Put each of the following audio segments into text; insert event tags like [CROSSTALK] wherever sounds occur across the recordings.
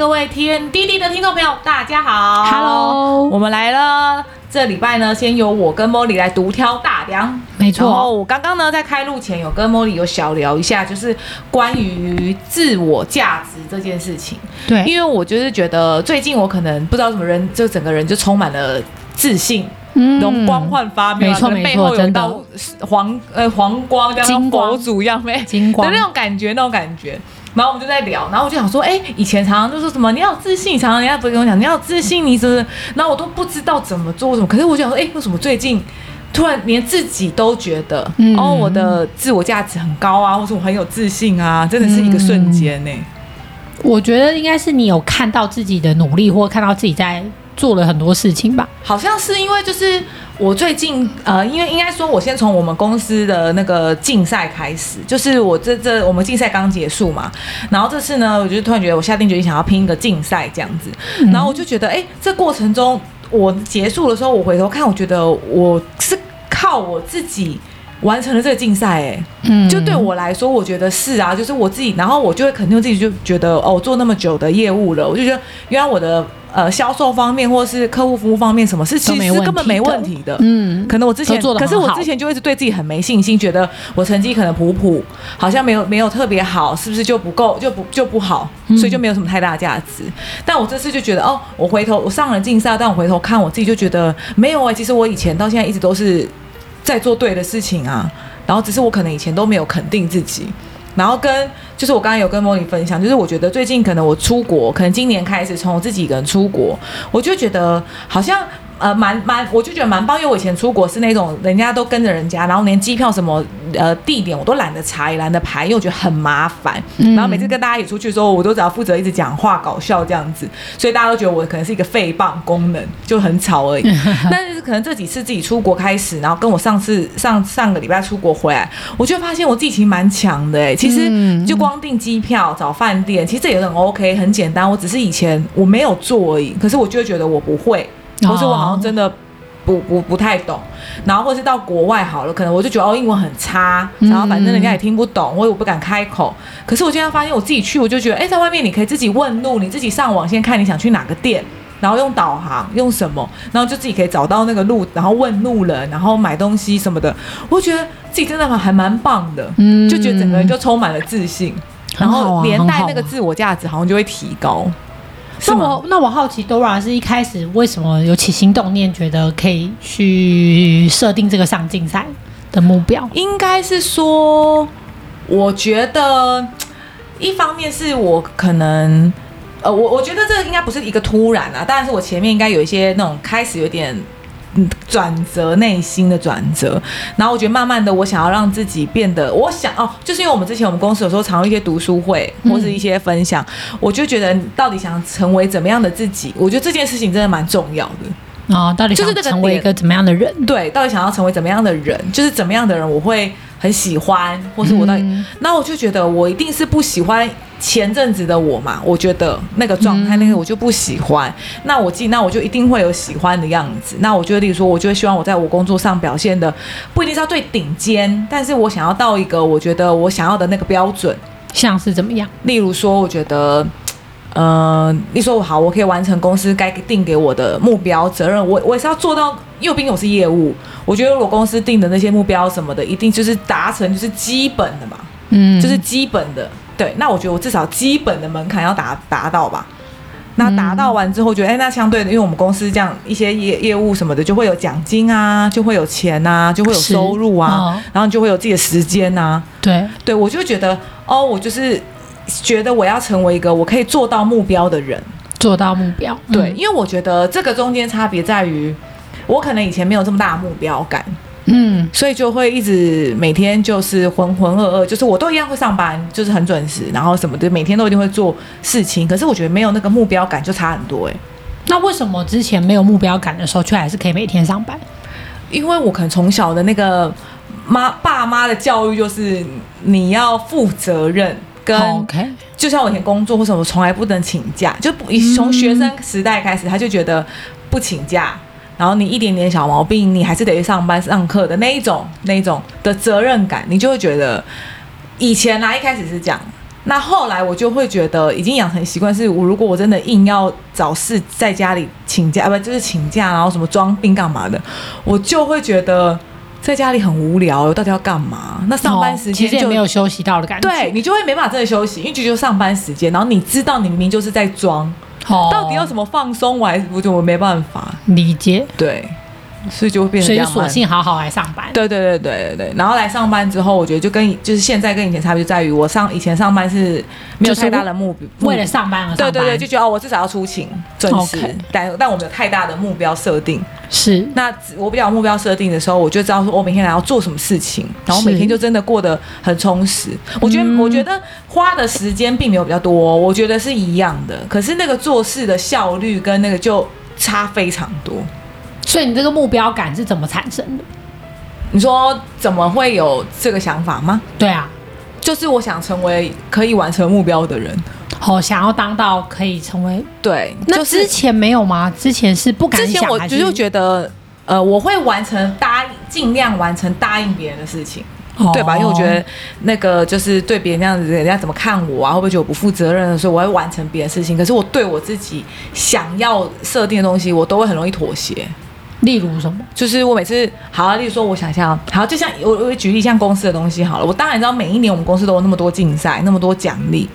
各位 TMDD 的聽眾朋友，大家好，Hello，我們來了。這禮拜呢，先由我跟茉莉來獨挑大梁。沒錯，我剛剛呢在開錄前有跟茉莉有小聊一下，就是關於自我價值這件事情。對，因為我就是覺得最近我可能不知道怎麼人，就整個人就充滿了自信，嗯，容光煥發、啊嗯。沒錯背後，真的，黃呃黃光，像博主一樣沒？金光，那種感覺，那種感覺。然後我們就在聊，然後我就想說，哎、欸，以前常常都說什麼，你要自信，常常人家不跟我講，你要自信，你是不是？然後我都不知道怎麼做什麼。可是我就想說：哎、欸，為什麼最近突然連自己都覺得，嗯、哦，我的自我價值很高啊，或者我很有自信啊，真的是一個瞬間呢、欸嗯。我覺得應該是你有看到自己的努力，或看到自己在做了很多事情吧。好像是因為就是。我最近呃，因為應該說，我先從我們公司的那個競賽開始，就是我這這我們競賽剛結束嘛，然後這次呢，我就突然覺得我下定決心想要拼一個競賽這樣子，然後我就覺得，哎、欸，這過程中我結束的時候，我回頭看，我覺得我是靠我自己完成了這個競賽，哎，嗯，就對我來說，我覺得是啊，就是我自己，然後我就會肯定自己就覺得，哦，做那麼久的業務了，我就覺得原來我的。呃，銷售方面或是客戶服務方面，什麼是其實是根本沒問題的。嗯，可能我之前，做可是我之前就一直對自己很沒信心，覺得我成績可能普普，好像沒有沒有特別好，是不是就不夠就不就不好，所以就沒有什麼太大價值。嗯、但我這次就覺得哦，我回頭我上了競賽，但我回頭看我自己就覺得沒有哎、欸，其實我以前到現在一直都是在做對的事情啊，然後只是我可能以前都沒有肯定自己，然後跟。就是我剛剛有跟 Molly 分享，就是我覺得最近可能我出國，可能今年開始從我自己一個人出國，我就覺得好像。呃，蠻蠻，我就覺得蠻棒，因為我以前出國是那種人家都跟着人家，然後連機票什麼，呃，地點我都懶得查，也懶得排，因為我覺得很麻煩。嗯、然後每次跟大家一起出去的時候，我都只要負責一直講話搞笑這樣子，所以大家都覺得我可能是一個廢棒功能，就很吵而已。但是可能這幾次自己出國開始，然後跟我上次上上個禮拜出國回來，我就發現我自己其實蠻強的、欸。哎，其實就光訂機票、找飯店，其實這也很 OK，很簡單。我只是以前我沒有做而已，可是我就覺得我不會。不是，我好像真的不不不太懂，然後或者是到國外好了，可能我就覺得哦，英文很差，然後反正人家也聽不懂，我也不敢開口。可是我現在發現我自己去，我就覺得，哎，在外面你可以自己問路，你自己上網先看你想去哪個店，然後用導航用什麼，然後就自己可以找到那個路，然後問路人，然後買東西什麼的，我覺得自己真的還蠻棒的，就覺得整個人就充滿了自信，然後連帶那個自我價值好像就會提高。那我嗎那我好奇，Dora 是一開始為什麼有起心動念，覺得可以去設定這個上競賽的目標嗎？應該是說，我覺得一方面是我可能，呃，我我覺得這個應該不是一個突然啊，但是我前面應該有一些那種開始有點。轉折，內心的轉折，然後我覺得慢慢的，我想要讓自己變得，我想哦，就是因為我們之前我們公司有時候常用一些讀書會或者是一些分享，嗯、我就覺得到底想成為怎麼樣的自己？我覺得這件事情真的蠻重要的哦，到底就是成為一個怎麼樣的人，人？對，到底想要成為怎麼樣的人？就是怎麼樣的人，我會。很喜歡，或是我的，嗯、那我就覺得我一定是不喜歡前陣子的我嘛。我覺得那個狀態，那個我就不喜歡。嗯、那我記，那我就一定會有喜歡的樣子。那我覺得，例如說，我就會希望我在我工作上表現的不一定是要最頂尖，但是我想要到一個我覺得我想要的那個標準，像是怎麼樣？例如說，我覺得。呃，你說我好，我可以完成公司該定給我的目標責任，我我也是要做到。右邊我是業務，我覺得我公司定的那些目標什麼的，一定就是達成，就是基本的嘛，嗯，就是基本的。對，那我覺得我至少基本的門檻要達達到吧。嗯、那達到完之後，覺得哎，那相對的，因為我們公司這樣一些業業務什麼的，就會有獎金啊，就會有錢啊，就會有收入啊，哦、然後你就會有自己的時間啊。對，對我就覺得哦，我就是。覺得我要成為一個我可以做到目標的人，做到目標，對，嗯、因為我覺得這個中間差別在於，我可能以前沒有這麼大的目標感，嗯，所以就會一直每天就是渾渾噩噩，就是我都一樣會上班，就是很準時，然後什麼的，每天都一定會做事情，可是我覺得沒有那個目標感就差很多哎、欸。那為什麼之前沒有目標感的時候，卻還是可以每天上班？因為我可能從小的那個媽爸媽的教育就是你要負責任。就像我以前工作，或什麼，從來不能請假，就不從學生時代開始，他就覺得不請假。然後你一點點小毛病，你還是得去上班上課的那一種，那一種的責任感，你就會覺得以前呢、啊、一開始是這樣，那後來我就會覺得已經養成習慣，是我如果我真的硬要找事在家裡請假，啊、不然就是請假，然後什麼裝病幹嘛的，我就會覺得。在家裡很無聊，到底要幹嘛？哦、那上班時間其實就沒有休息到的感覺，對，你就會沒法真的休息，一直就上班時間。然後你知道，你明明就是在裝，哦、到底要怎麼放鬆？我還是我我沒辦法理解。對。所以就會變成這樣。所以索性好好來上班。對對對對對，然後來上班之後，我覺得就跟就是現在跟以前差別就在於，我上以前上班是沒有太大的目標，為了上班而上班。對對對，就覺得哦，我至少要出勤、準時。Okay 但但我沒有太大的目標設定。Okay 是。那我比較有目標設定的時候，我就知道說我每天來要做什麼事情，然後每天就真的過得很充實。我覺得我覺得花的時間並沒有比較多，我覺得是一樣的。可是那個做事的效率跟那個就差非常多。所以你這個目標感是怎麼產生的？你說怎麼會有這個想法嗎？對啊，就是我想成為可以完成目標的人。好、哦，想要當到可以成為對，那之前沒有嗎？之前是不敢想，之前我就覺得是呃，我會完成答應，儘量完成答應別人的事情，哦、對吧？因為我覺得那個就是對別人那樣子，人家怎麼看我啊？會不會覺得我不負責任？所以我會完成別的事情。可是我對我自己想要設定的東西，我都會很容易妥協。例如什麼？就是我每次，好、啊，例如說，我想一下，好、啊，就像我，我舉例，像公司的東西，好了，我當然知道，每一年我們公司都有那麼多競賽，那麼多獎勵，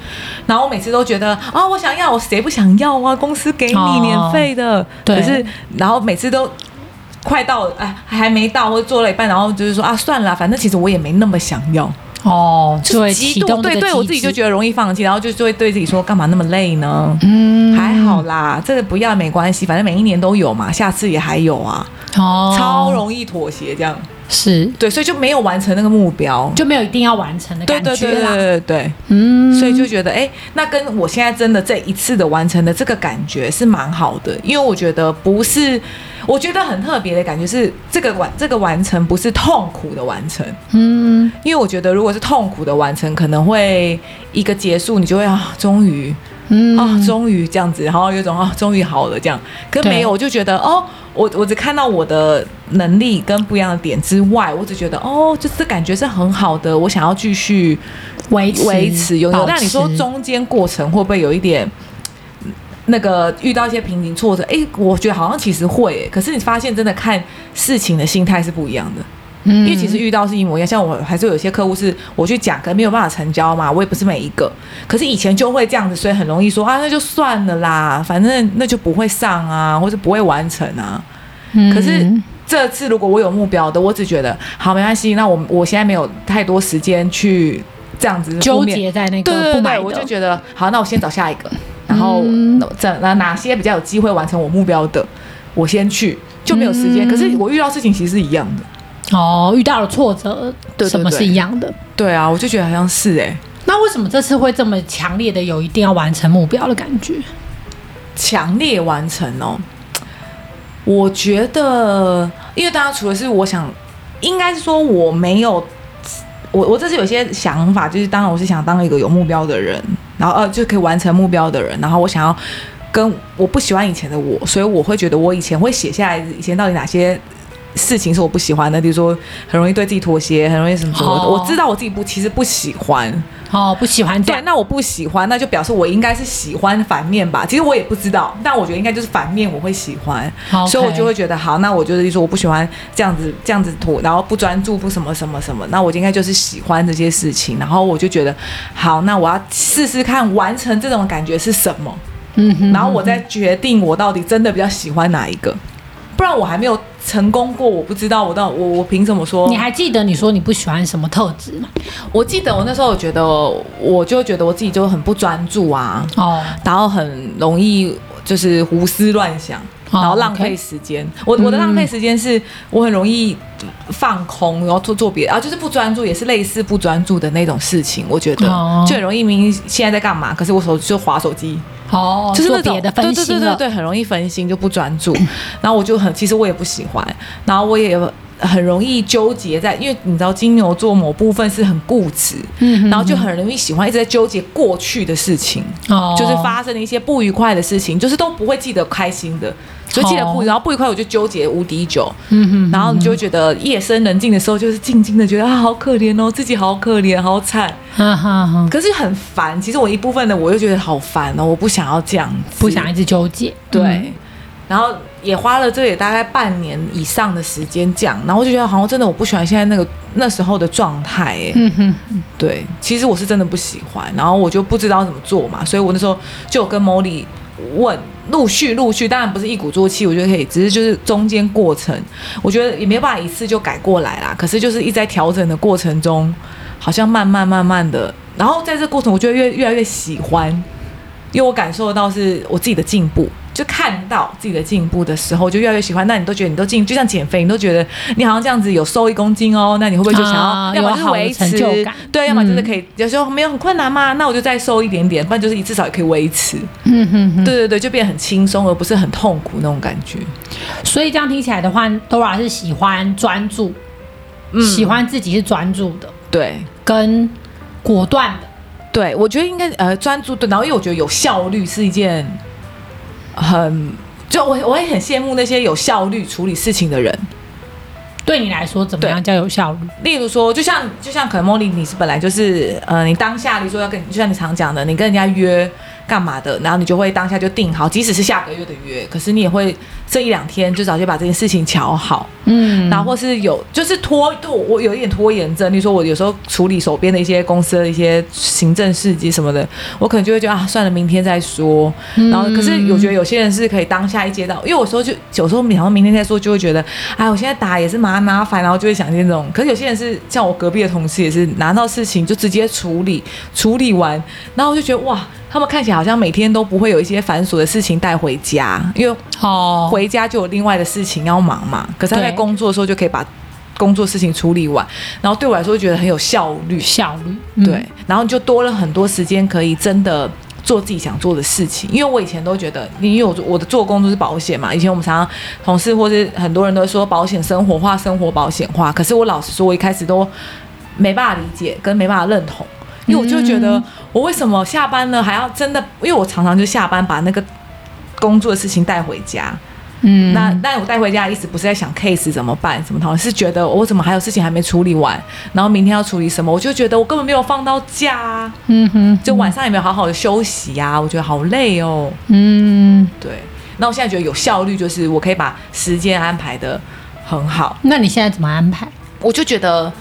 然後我每次都覺得，啊、哦，我想要，我誰不想要啊？公司給你免費的，哦、對，可是然後每次都快到，哎，還沒到，或者做了一半，然後就是說，啊，算了，反正其實我也沒那麼想要。哦，就極度動，對對，我自己就覺得容易放棄，然後就就會對自己說，幹嘛那麼累呢？嗯，還好啦，這個不要沒關係，反正每一年都有嘛，下次也還有啊，哦，超容易妥協這樣。是對，所以就沒有完成那個目標，就沒有一定要完成的感覺啦。對對對對對，對。嗯，所以就覺得，哎、欸，那跟我現在真的這一次的完成的這個感覺是蠻好的，因為我覺得不是，我覺得很特別的感覺是這個完這個完成不是痛苦的完成。嗯，因為我覺得如果是痛苦的完成，可能會一個結束你就會啊，終於。嗯啊、哦，終於這樣子，然後有一種啊、哦，終於好了這樣，可是沒有對我就覺得哦，我我只看到我的能力跟不一樣的點之外，我只覺得哦，就是感覺是很好的，我想要繼續維維持有。那持持你說中間過程會不會有一點持那個遇到一些瓶頸挫折？哎，我覺得好像其實會、欸，可是你發現真的看事情的心態是不一樣的。因為其實遇到是一模一樣，像我還是有些客戶是我去講，可能沒有辦法成交嘛，我也不是每一個。可是以前就會這樣子，所以很容易說啊，那就算了啦，反正那就不會上啊，或者不會完成啊。嗯、可是這次如果我有目標的，我只覺得好，沒關係，那我我現在沒有太多時間去這樣子糾結在那個不買的，對，對，對我就覺得好，那我先找下一個，嗯、然後這那哪些比較有機會完成我目標的，我先去就沒有時間。嗯、可是我遇到事情其實是一樣的。哦，遇到了挫折，對，對，對，什麼是一樣的？對啊，我就覺得好像是哎、欸。那為什麼這次會這麼強烈的有一定要完成目標的感覺？強烈完成哦。我覺得，因為當然，除了是我想，應該是說我沒有，我我這次有些想法，就是當然我是想當一個有目標的人，然後呃就可以完成目標的人，然後我想要跟我不喜歡以前的我，所以我會覺得我以前會寫下來以前到底哪些。事情是我不喜歡的，比如說很容易對自己妥協，很容易什麼什麼。Oh. 我知道我自己不，其實不喜歡好、oh, 不喜歡這樣。對，那我不喜歡，那就表示我應該是喜歡反面吧？其實我也不知道，但我覺得應該就是反面，我會喜歡，Okay. 所以我就會覺得好，那我就是說我不喜歡這樣子，這樣子拖，然後不專注，不什麼什麼什麼。那我應該就是喜歡這些事情，然後我就覺得好，那我要試試看完成這種感覺是什麼，嗯、mm-hmm. 然後我再決定我到底真的比較喜歡哪一個，不然我還沒有。成功過我不知道我，我到我我憑什麼說？你還記得你說你不喜歡什麼特質嗎？我記得我那時候，我覺得我就覺得我自己就很不專注啊，哦，oh. 然後很容易就是胡思亂想，然後浪費時間。Oh, okay. 我我的浪費時間是我很容易放空，嗯、然後做做別的啊，就是不專注，也是類似不專注的那種事情。我覺得就很容易明明現在在幹嘛，可是我手就滑手機。哦，就是別的分心了，就是那種，對對對對對，很容易分心就不專注。然後我就很，其實我也不喜歡。然後我也很容易糾結在，因為你知道金牛座某部分是很固執，嗯，然後就很容易喜歡一直在糾結過去的事情，嗯、哼哼就是發生了一些不愉快的事情，就是都不會記得開心的。所以記得不？然後不愉快，我就糾結無敵久。嗯哼嗯哼，然後你就覺得夜深人靜的時候，就是靜靜的覺得啊，好可憐哦，自己好可憐，好慘。呵呵呵，可是很煩。其實我一部分的，我又覺得好煩哦，我不想要這樣子，不想一直糾結。對。嗯、然後也花了這也大概半年以上的時間這樣，然後我就覺得好像真的我不喜歡現在那個那時候的狀態，欸。嗯、哼，對。其實我是真的不喜歡，然後我就不知道怎麼做嘛，所以我那時候就有跟 Molly 問。陸續陸續，當然不是一鼓作氣，我覺得可以，只是就是中間過程，我覺得也沒有辦法一次就改過來啦。可是就是一直在調整的過程中，好像慢慢慢慢的，然後在這過程，我覺得越越來越喜歡，因為我感受到是我自己的進步。就看到自己的進步的時候，就越來越喜歡。那你都覺得你都進，就像減肥，你都覺得你好像這樣子有瘦一公斤哦。那你會不會就想要、啊、要往成就感對，要麼真的可以，有時候沒有很困難嘛。那我就再瘦一點點，不然就是你至少也可以維持。嗯哼哼對對對，就變很輕鬆，而不是很痛苦那種感覺。所以這樣聽起來的話 Dora 是喜歡專注，嗯、喜歡自己是專注的，對，跟果斷的。對，我覺得應該呃專注的，然後因為我覺得有效率是一件。很，就我我也很羨慕那些有效率處理事情的人。對你來說，怎麼樣叫有效率？例如說，就像就像可能莫莉，你是本來就是，呃，你當下你說要跟，就像你常講的，你跟人家約。幹嘛的？然後你就會當下就定好，即使是下個月的約，可是你也會這一兩天就早些把這件事情喬好。嗯，然後或是有就是拖，我我有一點拖延症。例如說我有時候處理手邊的一些公司的一些行政事宜什麼的，我可能就會覺得啊，算了，明天再說。然後、嗯、可是我覺得有些人是可以當下一接到，因為我說有時候就有時候然後明天再說，就會覺得哎，我現在打也是蠻麻煩，然後就會想這種。可是有些人是像我隔壁的同事，也是拿到事情就直接處理，處理完，然後我就覺得哇。他們看起來好像每天都不會有一些繁瑣的事情帶回家，因為好，回家就有另外的事情要忙嘛。可是他在工作的時候就可以把工作事情處理完，然後對我來說覺得很有效率。效率、嗯、對，然後你就多了很多時間可以真的做自己想做的事情。因為我以前都覺得，你因為我的做工作是保險嘛，以前我們常常同事或者很多人都說保險生活化，生活保險化。可是我老實說，我一開始都沒辦法理解，跟沒辦法認同。因為我就覺得，我為什麼下班了還要真的？因為我常常就下班把那個工作的事情帶回家。嗯，那但我帶回家，意思不是在想 case 怎麼辦、怎麼套，是覺得我怎麼還有事情還沒處理完，然後明天要處理什麼？我就覺得我根本沒有放到假，嗯哼，就晚上也沒有好好的休息呀、啊。我覺得好累哦。嗯，對。那我現在覺得有效率，就是我可以把時間安排得很好。那你現在怎麼安排？我就覺得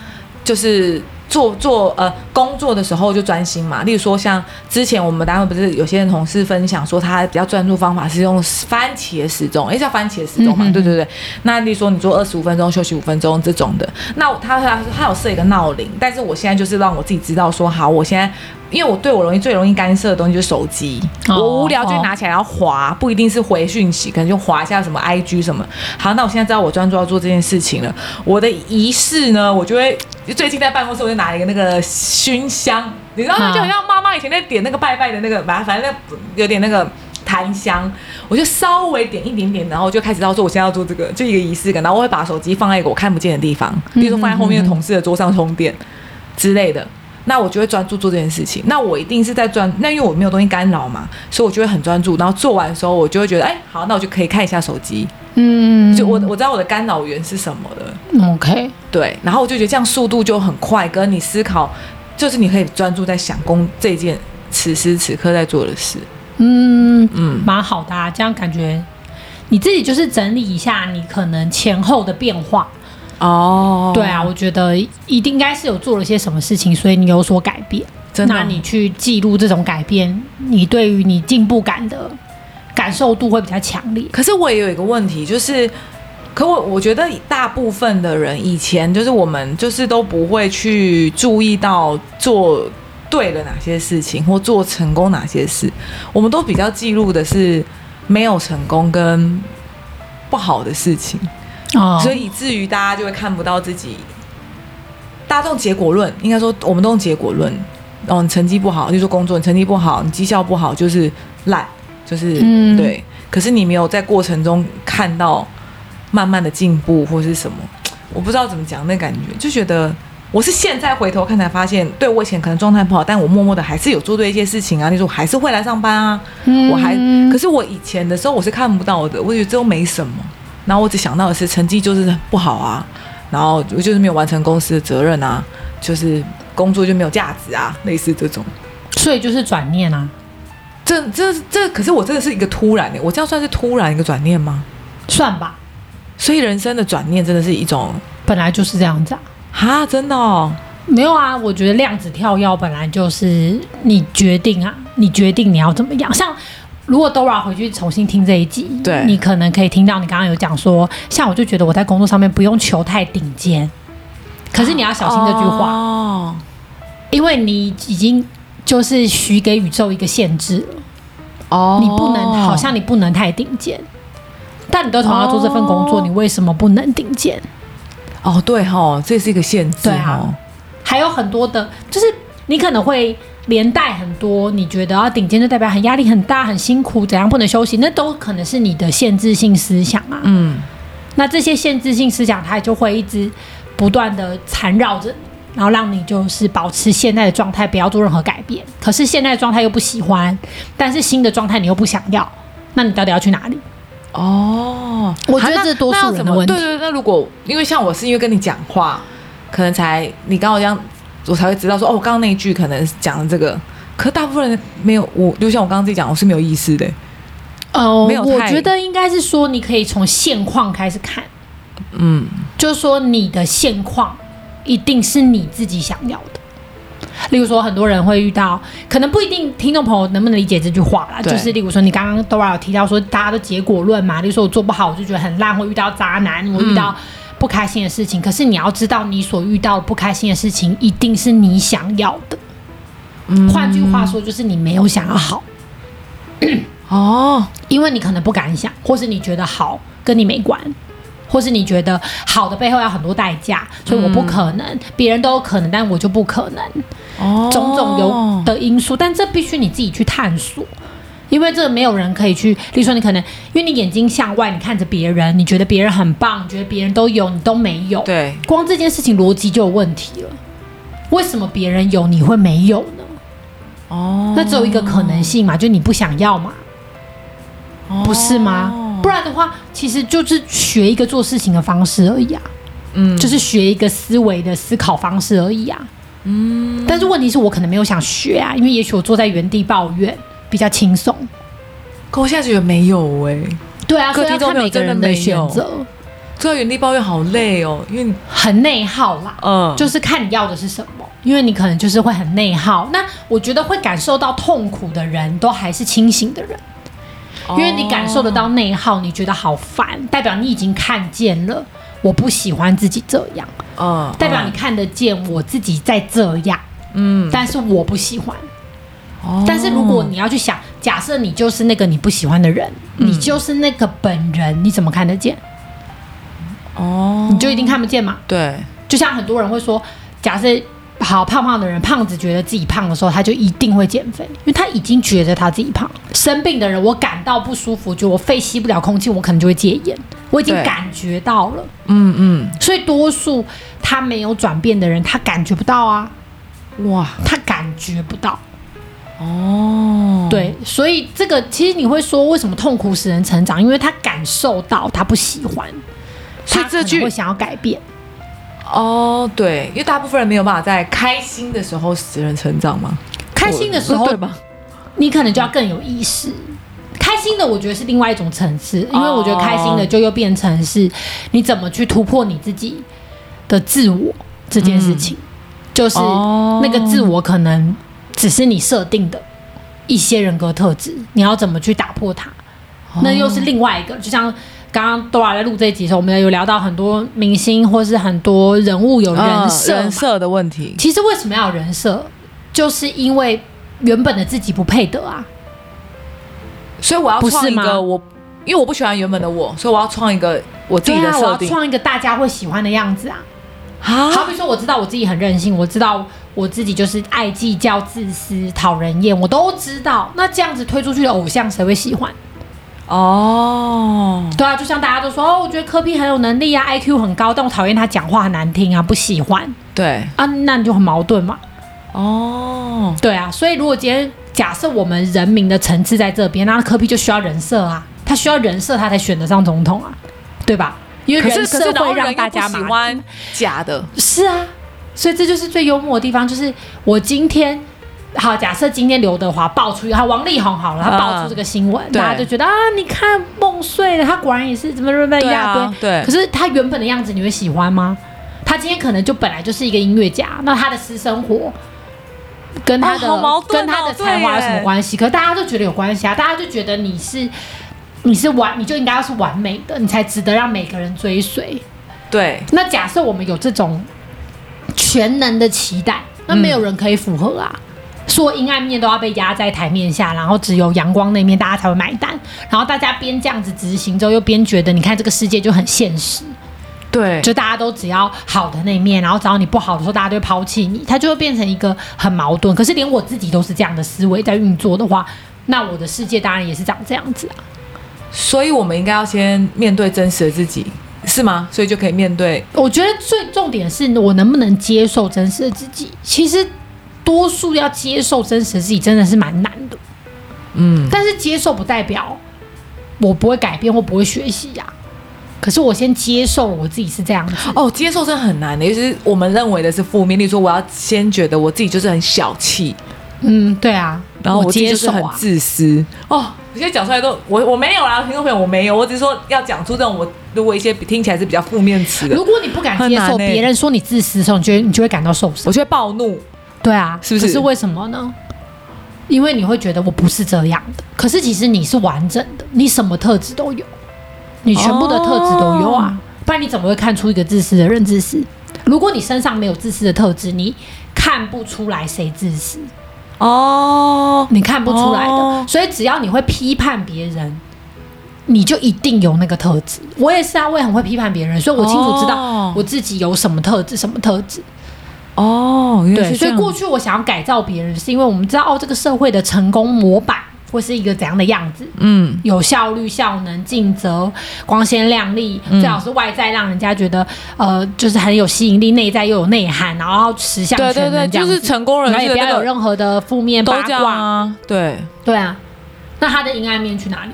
就是。做做呃工作的時候就專心嘛，例如說像之前我們單位不是有些同事分享說，他比較專注方法是用番茄時鐘，誒、欸、叫番茄時鐘嘛，嗯哼，對對對。那例如說你做二十五分鐘休息五分鐘這種的，那他他說他有設一個鬧鈴，但是我現在就是讓我自己知道說，好，我現在。因為我對我容易最容易干涉的東西就是手機，Oh, 我無聊就拿起來然後滑，不一定是回訊息，可能就滑一下什麼 IG 什麼。好，那我現在知道我專注要做這件事情了。我的儀式呢，我就會最近在辦公室，我就拿一個那個熏香，你知道嗎？Oh. 就好像媽媽以前在點那個拜拜的那個，反正那個、有點那個檀香，我就稍微點一點點，然後就開始要做。我現在要做這個，就一個儀式感，然後我會把手機放在一個我看不見的地方，Mm-hmm. 比如說放在後面的同事的桌上充電之類的。那我就會專注做這件事情。那我一定是在專，那因為我沒有東西干擾嘛，所以我就會很專注。然後做完的時候，我就會覺得，哎，好，那我就可以看一下手機。嗯，就我我知道我的干擾源是什麼了、嗯。OK，對。然後我就覺得這樣速度就很快。跟你思考就是你可以專注在想工這件此時此刻在做的事。嗯嗯，嗯蠻好的啊，這樣感覺你自己就是整理一下你可能前後的變化。哦，oh, 對啊，我覺得一定應該是有做了些什麼事情，所以你有所改變。真的？那你去記錄這種改變，你對於你進步感的感受度會比較強烈。可是我也有一個問題，就是，可我我覺得大部分的人以前就是我們就是都不會去注意到做對了哪些事情，或做成功哪些事，我們都比較記錄的是沒有成功跟不好的事情。所以以至於大家就會看不到自己，大家用結果論，應該說我們都用結果論。嗯，成績不好就是說工作，你成績不好，你績效不好就是懶，就是對。可是你沒有在過程中看到慢慢的進步或是什麼，我不知道怎麼講那感覺，就覺得我是現在回頭看才發現，對我以前可能狀態不好，但我默默的還是有做對一些事情啊，你說我還是會來上班啊。我還，可是我以前的時候我是看不到的，我覺得這都沒什麼。然後我只想到的是成績就是不好啊，然後我就是沒有完成公司的責任啊，就是工作就沒有價值啊，類似這種。所以就是轉念啊，這這這可是我真的是一個突然、欸，的，我這樣算是突然一個轉念嗎？算吧。所以人生的轉念真的是一種本來就是這樣子啊，哈，真的、哦、沒有啊。我覺得量子跳躍本來就是你決定啊，你決定你要怎麼樣，像。如果兜繞回去重新聽這一集，對你可能可以聽到你剛剛有講說，像我就覺得我在工作上面不用求太頂尖，可是你要小心這句話，啊哦、因為你已經就是許給宇宙一個限制了。哦，你不能，好像你不能太頂尖，但你都同樣要做這份工作，哦、你為什麼不能頂尖？哦，對哦，這是一個限制哈、哦哦。還有很多的，就是你可能會。連帶很多，你覺得啊，頂尖就代表很壓力很大，很辛苦，怎樣不能休息？那都可能是你的限制性思想啊。嗯，那這些限制性思想，它就會一直不斷的纏繞着，然後讓你就是保持現在的狀態，不要做任何改變。可是現在的狀態又不喜歡，但是新的狀態你又不想要，那你到底要去哪裡？哦，我覺得這多數人的問題。啊，對，對對，那如果因為像我是因為跟你講話，可能才你剛剛講。我才會知道說哦，我剛剛那一句可能講的這個，可大部分人沒有我，就像我剛剛自己講，我是沒有意思的。哦，沒有，我覺得應該是說你可以從現況開始看，嗯，就是說你的現況一定是你自己想要的。例如說，很多人會遇到，可能不一定聽眾朋友能不能理解這句話啦，對就是例如說，你剛剛都有提到說大家的結果論嘛，例如說我做不好，我就覺得很爛，會遇到渣男，我遇到、嗯。不開心的事情，可是你要知道，你所遇到的不開心的事情，一定是你想要的。嗯、換句話說，就是你沒有想要好。 [COUGHS] 哦，因為你可能不敢想，或是你覺得好跟你沒關，或是你覺得好的背後要很多代價，所以我不可能。嗯、別人都有可能，但我就不可能。哦、種種有的因素，但這必須你自己去探索。因為這沒有人可以去，比如說你可能因為你眼睛向外，你看着別人，你覺得別人很棒，覺得別人都有，你都沒有。對，光這件事情邏輯就有問題了。為什麼別人有你會沒有呢？哦，那只有一個可能性嘛，就你不想要嘛，不是嗎？不然的話，其實就是學一個做事情的方式而已啊，嗯，就是學一個思維的思考方式而已啊，嗯。但是問題是我可能沒有想學啊，因為也許我坐在原地抱怨。比較輕鬆，可我現在覺得沒有哎，對啊，所以要看每個人的選擇，坐在原地抱怨好累哦，因為很內耗啦，嗯，就是看你要的是什麼，因為你可能就是會很內耗。那我覺得會感受到痛苦的人都還是清醒的人，因為你感受得到內耗，你覺得好煩，代表你已經看見了，我不喜歡自己這樣，哦，代表你看得見我自己在這樣，嗯，但是我不喜歡。但是如果你要去想，假設你就是那個你不喜歡的人，嗯、你就是那個本人，你怎麼看得見？哦，你就一定看不見嗎？對，就像很多人會說，假設好胖胖的人，胖子覺得自己胖的時候，他就一定會減肥，因為他已經覺得他自己胖。生病的人，我感到不舒服，就我肺吸不了空氣，我可能就會戒菸。我已經感覺到了，嗯嗯對。所以多數他沒有轉變的人，他感覺不到啊。哇，他感覺不到。哦，oh. 對，所以這個其實你會說，為什麼痛苦使人成長？因為他感受到他不喜歡，他這句我想要改變。哦，oh, 對，因為大部分人沒有辦法在開心的時候使人成長嘛。開心的時候對吧？你可能就要更有意識。開心的，我覺得是另外一種層次，oh. 因為我覺得開心的就又變成是你怎麼去突破你自己的自我這件事情，mm. oh. 就是那個自我可能。只是你設定的一些人格特質，你要怎麼去打破它？哦、那又是另外一個。就像剛剛都還在錄這一集的時候，我們有聊到很多明星或是很多人物有人設、嗯、人設的問題。其實為什麼要有人設？就是因為原本的自己不配得啊。所以我要創一個我，不是嗎？因為我不喜歡原本的我，所以我要創一個我自己的設定，對啊、我要創一個大家會喜歡的樣子啊。哈好比說，我知道我自己很任性，我知道。我自己就是愛計較、自私、討人厭，我都知道。那這樣子推出去的偶像，誰會喜歡？哦，對啊，就像大家都說，哦，我覺得柯 P 很有能力啊，IQ 很高，但我討厭他講話很難聽啊，不喜歡。對啊，那你就很矛盾嘛。哦，對啊，所以如果今天假設我們人民的層次在這邊，那柯 P 就需要人設啊，他需要人設，他才選得上總統啊，對吧？因為這社會讓大家喜歡假的。是啊。所以這就是最幽默的地方，就是我今天好，假設今天劉德華爆出一個，然後王力宏好了，他爆出這個新聞，大家、嗯、就覺得啊，你看夢碎了，他果然也是怎麼怎麼樣對，、啊、對。可是他原本的樣子你會喜歡嗎？他今天可能就本來就是一個音樂家，那他的私生活跟他的、哦啊、跟他的才華有什麼關係？耶可大家就覺得有關係啊，大家就覺得你是你是完，你就應該要是完美的，你才值得讓每個人追隨。對。那假設我們有這種。全能的期待，那沒有人可以符合啊！嗯、說陰暗面都要被壓在台面下，然後只有陽光那面大家才會買單。然後大家邊這樣子執行之後，又邊覺得你看這個世界就很現實。對，就大家都只要好的那一面，然後只要你不好的時候，大家就會拋棄你。它就會變成一個很矛盾。可是連我自己都是這樣的思維在運作的話，那我的世界當然也是長這樣子啊。所以我們應該要先面對真實的自己。是嗎？所以就可以面對。我覺得最重點是我能不能接受真實的自己。其實，多數要接受真實的自己，真的是蠻難的。嗯。但是接受不代表我不會改變或不會學習呀、啊。可是我先接受我自己是這樣的。哦，接受真的很難的、欸，尤其是我們認為的是負面。例如說我要先覺得我自己就是很小氣。嗯，對啊。然後我接受很自私。接啊、哦，我現在講出來都我我沒有啦，聽眾朋友我沒有，我只是說要講出這種我。如果一些聽起來是比較負面詞，如果你不敢接受別人說你自私的時候，難欸、你覺得你就會感到受傷，我就會暴怒。對啊，是不是？可是為什麼呢？因為你會覺得我不是這樣的，可是其實你是完整的，你什麼特質都有，你全部的特質都有啊。哦、不然你怎麼會看出一個自私的認知是？如果你身上沒有自私的特質，你看不出來誰自私哦，你看不出來的。哦、所以只要你會批判別人。你就一定有那個特質，我也是啊，我也很會批判別人，所以我清楚知道我自己有什麼特質，哦、什麼特質。哦，對，所以過去我想要改造別人，是因為我們知道哦，這個社會的成功模板會是一個怎樣的樣子？嗯，有效率、效能、盡責、光鮮亮麗，嗯、最好是外在讓人家覺得呃，就是很有吸引力，內在又有內涵，然後十項全能這樣子對對對，就是成功人士、那個、也不要有任何的負面八卦，啊、對對啊，那他的陰暗面去哪裡？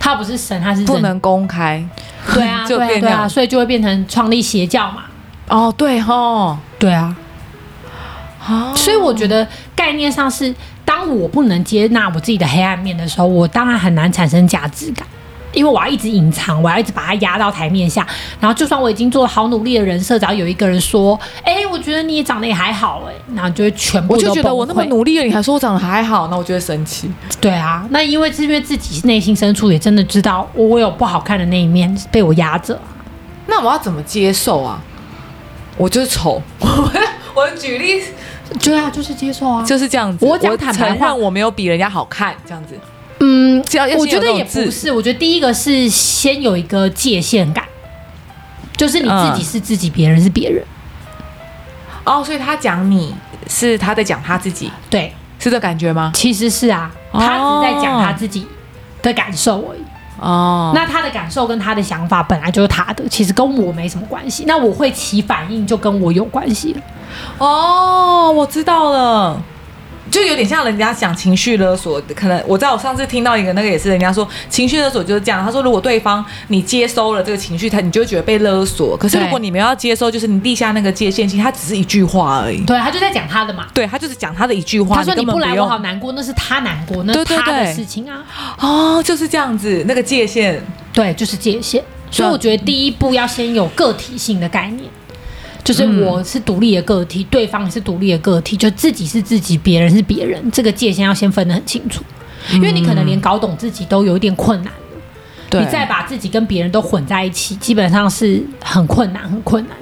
他不是神，他是不能公開。對啊，對啊，對啊，所以就會變成創立邪教嘛。哦，對哦，對啊，啊、哦，所以我覺得概念上是，當我不能接納我自己的黑暗面的時候，我當然很難產生價值感。因為我要一直隱藏，我要一直把它壓到台面下。然後，就算我已經做了好努力的人設，只要有一個人說：“哎，我覺得你也長得也還好哎。”，那就會全部都。我就覺得我那麼努力了， [LAUGHS] 你還說我長得還好，那我就會生氣。對啊，那因為是因為自己內心深處也真的知道我有不好看的那一面被我壓着。那我要怎麼接受啊？我就是醜。 [LAUGHS] 我我舉例，對啊就，就是接受啊，就是這樣子。我講坦白話，我，我沒有比人家好看，這樣子。嗯，我覺得也不是。我覺得第一個是先有一個界限感，嗯，就是你自己是自己，別人是別人。哦，所以他講你是他在講他自己，對，是這感覺嗎？其實是啊，他只在講他自己的感受而已。哦，那他的感受跟他的想法本來就是他的，其實跟我沒什麼關係。那我會起反應，就跟我有關係了。哦，我知道了。就有點像人家講情緒勒索，可能我在我上次聽到一個那個也是人家說情緒勒索就是這樣。他說如果對方你接收了這個情緒，他你就覺得被勒索；可是如果你沒有要接收，就是你立下那個界限，其實它只是一句話而已。對，他就在講他的嘛。對，他就是講他的一句話。他說你不來我好難過，那是他難過，那是他的事情啊。對對對。哦，就是這樣子，那個界限，對，就是界限。所以我覺得第一步要先有個體性的概念。就是我是獨立的個體，嗯、對方也是獨立的個體，就自己是自己，別人是別人，這個界限要先分得很清楚。嗯、因為你可能連搞懂自己都有一點困難，對你再把自己跟別人都混在一起，基本上是很困難，很困難。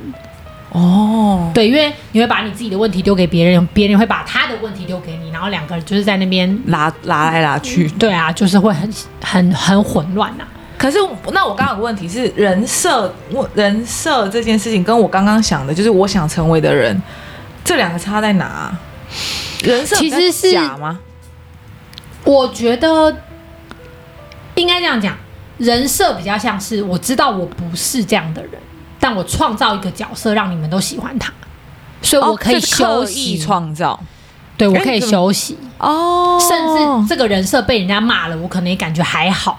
哦，對，因為你會把你自己的問題丟給別人，別人會把他的問題丟給你，然後兩個人就是在那邊拉拉來拉去，對啊，就是會很很很混亂啊。可是，那我剛剛有個問題是人，人設，人設這件事情跟我剛剛想的，就是我想成為的人，這兩個差在哪啊？人設其實是假嗎？我覺得應該這樣講，人設比較像是我知道我不是這樣的人，但我創造一個角色讓你們都喜歡他，所以我可以休息。創、哦、創造，對，我可以休息哦，欸、甚至這個人設被人家罵了，我可能也感覺還好。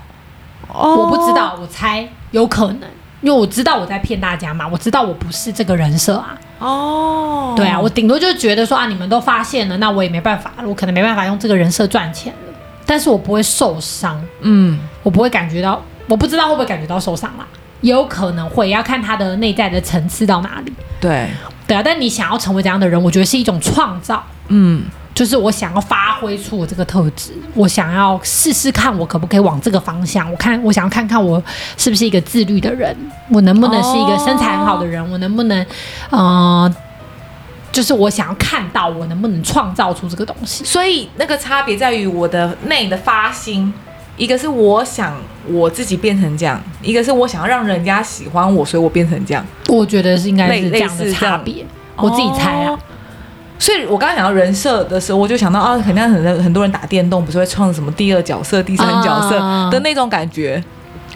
Oh. 我不知道，我猜有可能，因為我知道我在騙大家嘛，我知道我不是這個人設啊。哦，oh. 對啊，我頂多就覺得說啊，你們都發現了，那我也沒辦法，我可能沒辦法用這個人設賺錢了，但是我不會受傷，嗯，我不會感覺到，我不知道會不會感覺到受傷啦、啊，也有可能會，要看他的內在的層次到哪裡。對，對啊，但你想要成為這樣的人，我覺得是一種創造，嗯。就是我想要發揮出我這個特質，我想要試試看我可不可以往這個方向，我看我想要看看我是不是一個自律的人，我能不能是一個身材很好的人，哦、我能不能，呃，就是我想要看到我能不能創造出這個東西。所以那個差別在於我的內的發心，一個是我想我自己變成這樣，一個是我想要讓人家喜歡我，所以我變成這樣。我覺得是應該是這樣的差別，類類似這樣，我自己猜啊。哦所以，我剛剛講到人設的時候，我就想到啊，肯定很很多人打電動，不是會創什麼第二角色、第三角色的那種感覺，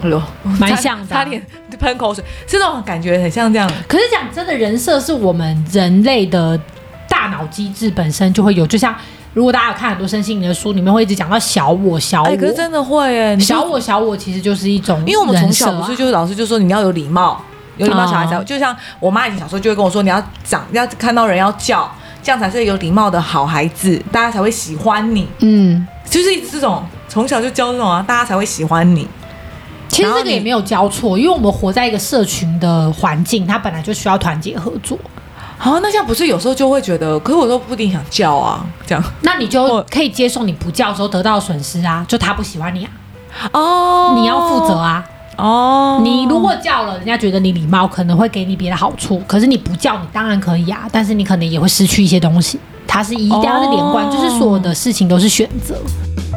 咯、嗯，蠻、嗯、像的、啊差，差點噴口水，這種感覺很像這樣。可是講真的人設是我們人類的大腦機制本身就會有，就像如果大家有看很多身心靈的書，裡面會一直講到小我、小我，欸、可是真的會小我、小我其實就是一種人設、啊、因為我們從小不是就老師就說你要有禮貌，有禮貌小孩才、嗯、就像我媽以前小時候就會跟我說，你要長你要看到人要叫。這樣才是有禮貌的好孩子，大家才會喜歡你。嗯，就是一直這種，從小就教這種啊，大家才會喜歡你。其實這個也沒有教錯，因為我們活在一個社群的環境，他本來就需要團結合作。好、啊，那現在不是有時候就會覺得，可是我都不一定想叫啊，這樣。那你就可以接受你不叫的時候得到損失啊，就他不喜歡你啊，哦，你要負責啊。哦，oh. 你如果叫了，人家覺得你禮貌，可能會給你別的好處。可是你不叫，你當然可以啊，但是你可能也會失去一些東西。它是一定是連貫，oh. 就是所有的事情都是選擇。